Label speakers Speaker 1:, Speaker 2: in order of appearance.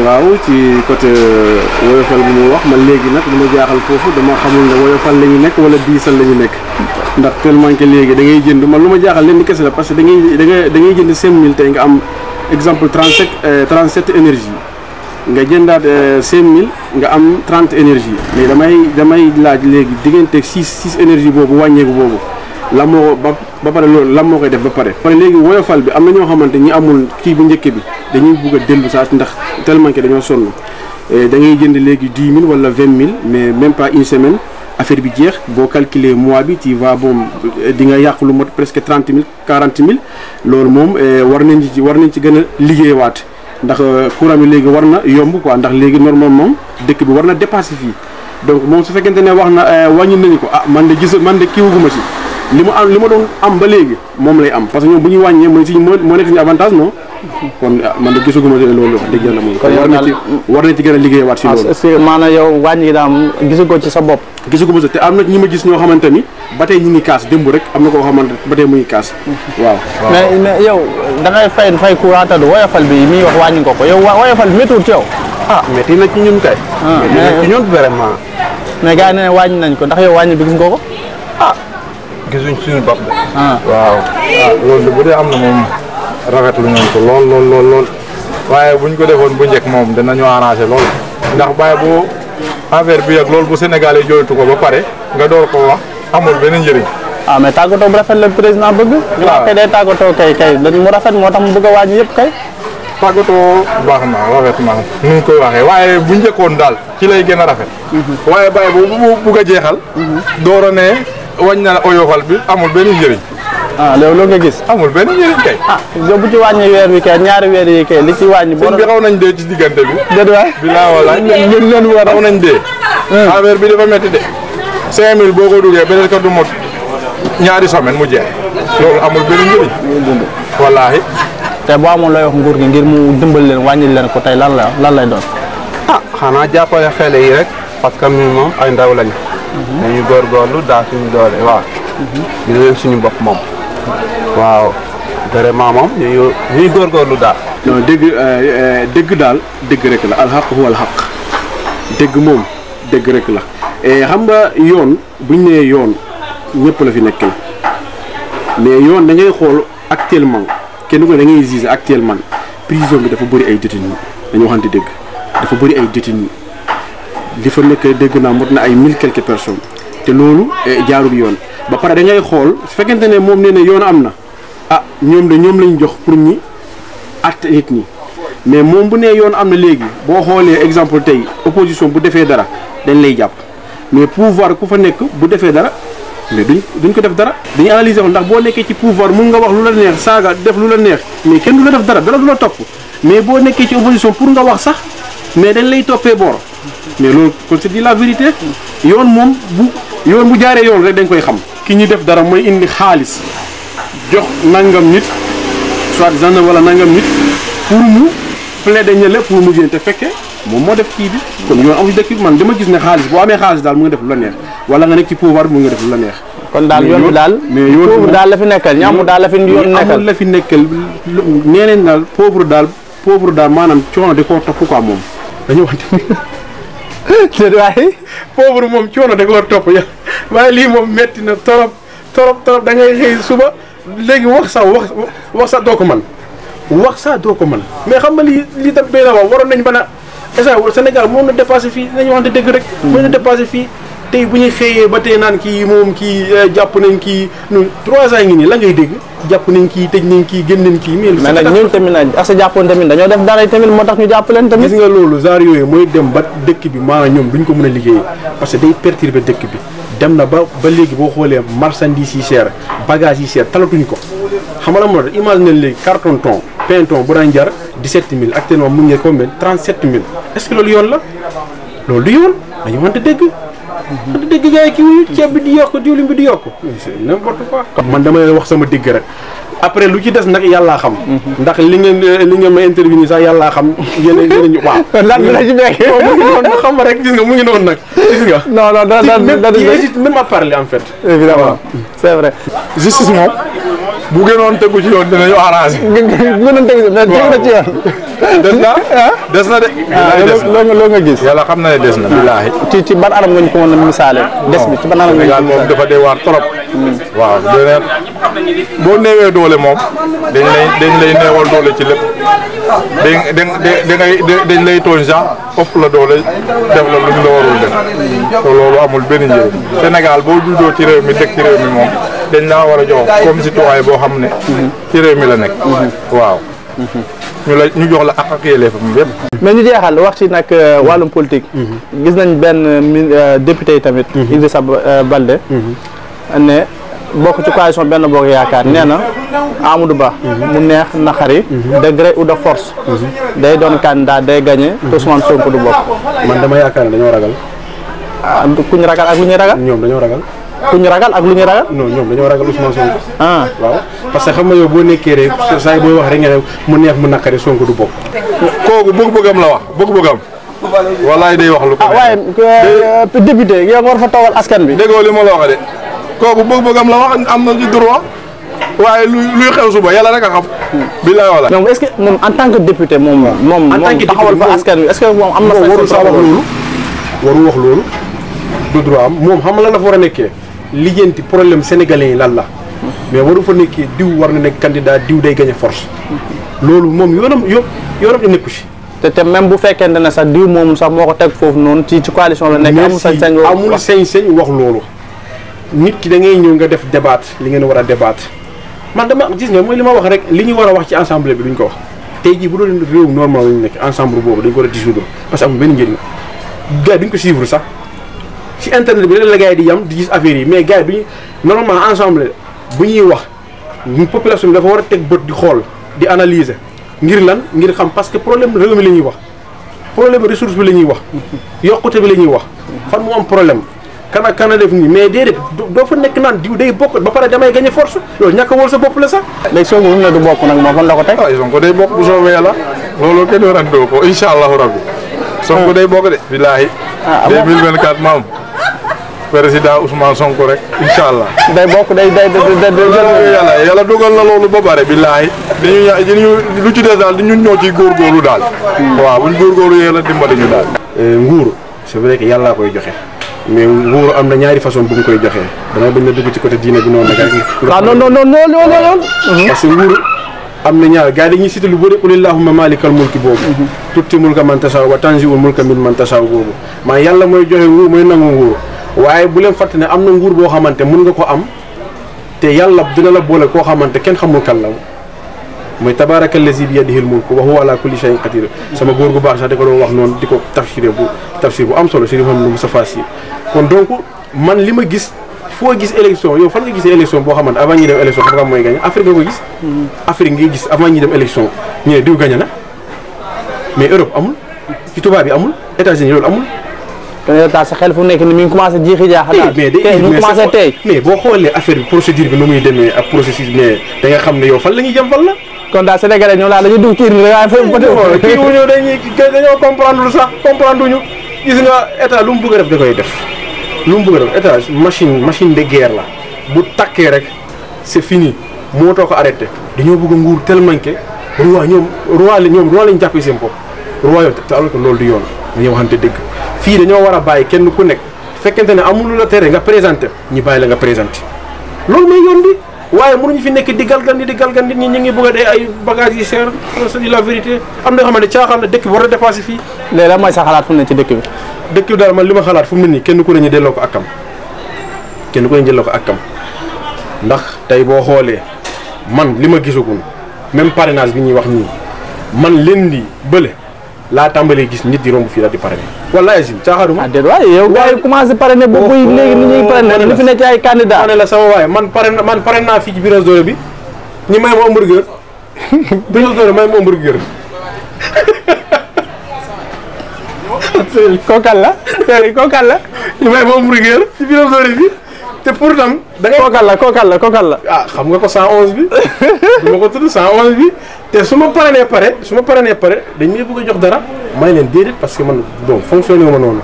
Speaker 1: waaw ci côté euh, woyofal bu mu wax ma léegi nag lu dama jaaxal foofu dama xamul ne woyofal la ñu nekk wala diisal la ñu nekk ndax tellement que léegi da ngay jënd ma lu ma jaaxal lenn kese la parce que da ngay da ngay da ngay jënd 5000 tey nga am exemple 37 37 énergie nga jëndaat 5000 euh, nga am 30 énergie mais damay damay laaj léegi digganteeg 6 6 énergie boobu wàññeeku boobu. lan moo ba ba pare loolu lan moo koy def ba pare. pare léegi woyofal bi am na ñoo xamante ñi amul kii bu njëkk bi dañuy bugg a dellu saa ndax tellement que dañoo sonn eh, da ngay jënd léegi dix mille wala vingt mille mais même pas une semaine affaire bi jeex boo calculer mois bi ci va bon di nga yàq lu mot presque trente mille quarante mille loolu moom eh, war nañ ci war nañ ci gën a liggéeyawaat ndax euh, courant bi léegi war na yomb quoi ndax léegi normalement dëkk bi war na dépasser fii donc moom su fekkente ne wax na eh, wàññi nañu ko ah man de gis man de kiiwuguma ci. li mu am li ma doon am ba léegi moom lay am parce que ñoom bu ñuy wàññee moo nekk suñu avantage non kon ah, man de gisaguma loolu wax dëgg yàlla moom war na ci war na a liggéeyaat si loolu parce que maanaam yow wàññi ci sa bopp gisaguma sa te am na ñi ma gis ñoo xamante ni ba tey ñi ngi kaas démb rek am na koo xamante ba tey mu ngi kaas waaw mais mais yow da ngay fay fay courant te du woyofal bi mi wax wàññi nga ko yow woyofal bi méttiwul ci yow ah métti na ci ñun kay ah, mais gaa ne wàññi nañ ko ndax yow wàññi bi gis nga ko ah, gisuñ suñu bopp de. Ah. waaw. waaw ah, loolu bu dee am na moom lu nañ ko lool lool lool lool waaye buñ ko defoon bu njëkk moom danañu arrangé lool ndax bàyyi bu affaire bi ak loolu bu Sénégal yi jooytu ko ba pare nga door ko wax amul benn njëriñ. ah mais tàggatoo bu rafet la président bëgg. waaw wax kay day tàggatoo kay kay mu rafet moo tax mu bëgg a wàññi yëpp kay. tàggatoo baax na rafet na ni ñu koy waxee waaye bu njëkkoon daal ci lay gën a rafet. Mhm. waaye bàyyi boobu wañ na la oyofal bi amul benn njëriñ. ah loolu loolu nga gis. amul benn njëriñ kay. ah bu ci wàññi weer wi kay ñaari weer yi kay li ci wàññi. boo bi xaw nañ dee ci diggante bi. déet waay bi laa wala leen war xaw nañ dee. Hmm. affaire bi dafa métti de. 5000 boo ko duggee beneen ko du mot ñaari semaine mu jeex loolu amul benn njëriñ. wallaahi. te boo amoon lay wax nguur gi ngir leen wàññil leen ko tey lan la lan lay doon. ah xanaa jàppale xale yi rek parce que ñun moom ay ndaw lañu dañuy góorgóorlu daal suñu doole waaw. Mhm. di leen suñu bopp moom. waaw vraiment moom ñu ngi ñuy góorgóorlu daal. dégg euh, euh, dëgg dëgg daal dëgg la alxaq huwa alxaq dégg moom dëgg rek la xam nga yoon bu ñu nee yoon ñëpp la fi nekkal mais yoon da ngay xool actuellement kenn ko da ngay gis actuellement prison bi dafa bëri ay détenus dañu waxante dégg dafa bëri ay yi li fa nekk dégg naa mot na ay mille quelques personnes te loolu eh, jaarul yoon ba pare da xool su ne moom nee ne yoon am na ah ñoom de ñoom lañu jox pour ñi atte nit ñi mais moom bu nee yoon am na léegi boo xoolee exemple tey opposition bu defee dara dañ lay jàpp mais pouvoir ku fa nekk bu defee dara mais duñ duñ ko def dara dañuy analyser ko ndax boo nekkee ci pouvoir mun nga wax lu la neex saaga def lu la neex mais kenn du la def dara dara du la topp mais boo nekkee ci opposition pour nga wax sax mais dañ lay toppee boor mais loolu kon c'est dit la vérité yoon moom bu yoon bu jaaree yoon rek dañ koy xam ki ñuy def dara mooy indi xaalis jox nangam nit soit gendarme wala nangam nit pour mu plaider ñële pour mu génn te fekke moom moo def kii bi kon yoon amu dama gis ne xaalis boo amee xaalis daal mu nga def la neex wala nga nekk ci pouvoir bi mu nga def la neex kon daal yoon bi daal mais yoon daal la fi nekkal ñaamu daal la fi nekkal la fi nekkal nee nañ daal pauvre daal pauvre daal maanaam coono di koo topp quoi moom dañu déet waaye pauvre moom coono da koo topp ya waaye lii moom metti na torop torop torop da ngay xëy suba léegi wax sax wax wax sax doo ko mën wax sax doo ko mën mais xam nga lii lii tam béy na waaw waroon nañ mën a Sénégal moom na dépassé fii nañu wax ne dëgg rek. mën na dépassé fii. tey bu ñu xëyee ba tey naan kii moom kii eh, jàpp nañ kii ñun trois ans ngi nii la ngay dégg jàpp nañ kii tëj nañ kii génn kii. mais nag ñun tamit nag asa jàppoon tamit dañoo def dara tamit moo tax ñu jàpp leen tamit. gis nga loolu genre yooyu mooy dem ba ko mën a liggéeyee parce que day perturber dëkk bi dem na ba ba léegi boo xoolee marchandise yi cher bagage yi cher talatuñ ko xam nga la moo tax imagine léegi carton ton pain ton bu daan jar 17000 actuellement mu ngi combien 37000 est ce di dégg gars yi di yokk diwlin bi di yokk c'est n'importe quoi man dama leen wax sama digg rek après lu ci des nag yàllaa xam mhm. ndax li ngeen li ngeen ma intervenir sax yàllaa xam yéen yéen ñu waaw lan la ci nekk mu ngi noonu xam rek gis nga mu oon noonu nag gis nga non non même à parler en fait évidemment c'est vrai justice moom bu gënoon tegu ci yoon dinañu arrangé. bu gënoon tegu ci yoon tegu na ci yoon. des na ah? des na de. Ah, loo nga gis. yàlla xam na des na. billaahi ci ci ban anam nga ñu ko mën a misaale. des bi ci ban anam moom dafa dee waar trop. waaw beneen boo néewee doole moom dañ lay dañ lay néewal doole ci lépp dañ dañ dañ dañ lay tooñ sax ëpp la doole def la lu la warul def te loolu amul benn njëriñ Sénégal boo juddoo ci réew mi dëkk ci réew mi moom. dañ laa war a jox comme citoyen boo xam ne ci réew mi la nekk waaw ñu la ñu jox la ak ak yelleefam yépp mais ñu jeexal wax ci nag euh, wàllum politique gis nañ benn euh, député yi tamit Idrissa euh, Balde ne bokk ci coalition benn bokk yaakaar nee na Amadou Ba mu neex naxari de gré ou de force day doon candidat day gagné te Ousmane Sonko du bokk man dama yaakaar ne dañoo ragal ah, kuñ ragal ak lu ñuy ragal ñoom dañoo ragal ku ñu ragal ak lu ñu ragal. non ñoom dañoo ragal Ousmane Sonko. ah waaw parce que xam nga yow boo nekkee rek saa yi booy wax rek nga ne mu neex mu naqari Sonko du bokk. kooku bëgg-bëggam la wax bëgg-bëggam. walaay day wax lu ko. Ah, waaye euh, député yow nga war fa tawal askan bi. déggoo li ma la wax de kooku bëgg-bëggam la wax am na ci droit waaye luy xew suba yàlla rek a xam. bilaay wala. donc est-ce que moom en tant que député moom. moom moom taxawal fa askan bi est-ce que moom am na. warul sax wax loolu warul wax loolu du droit am moom xam la dafa war a nekkee lijjanti problème sénégalais yi lan la mais waru fa nekkee diw war na nekk candidat diw day gañ force loolu moom yoonam yo yoonam nekku si te te même bu fekkente ne sax diw moom sax moo ko teg foofu noonu ci ci coalition la nekk amul sañ-sañ amul sañ-sañ wax loolu nit ki dangay ñëw nga def débat li ngeen war a débat man dama gis nga mooy li ma wax rek li ñu war a wax ci ensemble bi duñ ko wax tey jii bu doon réew normal lañu nekk ensemble boobu dañ ko war a parce que amul benn njëriñ gars duñ sax ci internet bi rek la gars yi di yam di gis affaire yi mais gars yi duñu normalement ensemble bu ñuy wax population bi dafa war a teg bët di xool di analyser ngir lan ngir xam parce que problème réew mi la ñuy wax problème ressource bi la ñuy wax yokkute bi la ñuy wax fan mu am problème kan ak kan a def nii mais déedéet doo fa nekk naan diw day bokk ba pare damay gagné force loolu ñàkk a wóor sa bopp la sax. léegi Sonko mu bokk nag moom fan la ko teg. waaw ah, Sonko day bokk bu soobee yàlla loolu kenn warantoo ko day bokk de. billaahi. ah 2024 ah, maam. président Ousmane Sonko rek incha allah. day bokk day day day day yàlla yàlla dogal na loolu ba pare billaahi dañuy ya dañuy lu ci des daal di ñun ñoo ciy góorgóorlu daal. waaw buñ góorgóorlu yàlla dimbali ñu daal. Euh, nguur c'est vrai que yàlla koy joxe. mais nguur am na ñaari façon bu mu koy joxee dama bañ na dugg ci côté diine bi noonu la. Ah, nga non non non non non parce que nguur am na ñaar gars yi dañuy cité lu bëri qul allahumma maalikal mulki boobu. tuuti mulka man tasaaw wa tanziul mulka min man tasaaw boobu maa yàlla mooy joxe nguur mooy nangu nguur. waaye bu leen fàtte ne am na nguur boo xamante mun nga ko am te yàlla dina la boole koo xamante kenn xamul kan la mooy tabaraka lazi bi yadihil mulku wa huwa ala kulli shay'in qadir sama góor gu baax sax di ko doon wax noonu di ko tafsiré bu tafsir bu am solo si li xam ne mu sa man li ma gis foo gis élection yow fan nga gisee élection boo xamante avant ñuy dem élection xam nga mooy gagné Afrique nga ko gis hmm. Afrique ngay gis avant ñuy dem élection ñu ne diw gagné na mais Europe amul ci tubaab amul États-Unis loolu kon yow daal nekk nii commencé jiixi jaaxal tey ñu commencé tey mais boo xoolee xam ne yow fan la ñuy jëm fan la kon daal sénégalais ñoom daal dañuy dugg ci dañoo comprendre sax comprendre wuñu gis nga état lu mu bëgg a def da koy def lu mu bëgg a def état machine machine de guerre la bu takkee rek c'est fini moo too ko arrêté dañoo bëgg nguur tellement que roi ñoom roi la ñoom roi lañ jàppee seen bopp roi yow te alors loolu di yoon dañoo te dëgg fii dañoo war a bàyyi kenn ku nekk fekkente ne amul la tere nga présenté ñu bàyyi la nga présenté loolu mooy yoon bi waaye mënuñu fi nekk di galgan di galgan nit ñi ñu ngi bëgg a dee ay bagages yi cher c'est la vérité am na yoo xamante caaxaan la dëkk bi war a dépassé fii. léegi lan mooy sa xalaat fu ne li ma xalaat fu mu ne nii kenn ku ne ñu delloo ko akkam kenn ku ne ñu delloo ko akkam ndax tey boo xoolee man li ma gisagum même parrainage bi ñuy wax nii man leen di bële laa gis nit di romb fii daal di parrainé. wala Asim caaxaaruma. ah déedéet waaye yow gars yi commencé pare ne bu buy oh, léegi ni ñuy oh, pare ne li fi nekk ci ay candidat ma ne la sama waaye man pare man pare naa fii ci Brioche Dorée bi ñu may ma hamburger Brioche Dorée may ma hamburger kookal la kookal la ñu may ma hamburger ci Brioche Dorée bi te pourtant da ngay kookal la kookal la kookal la ah xam nga ko 111 bi du ma ko tudd 111 bi te su ma pare nee pare su ma pare nee pare dañ may bëgg a jox dara may leen déedéet parce que man bon fonctionné wu ma noonu.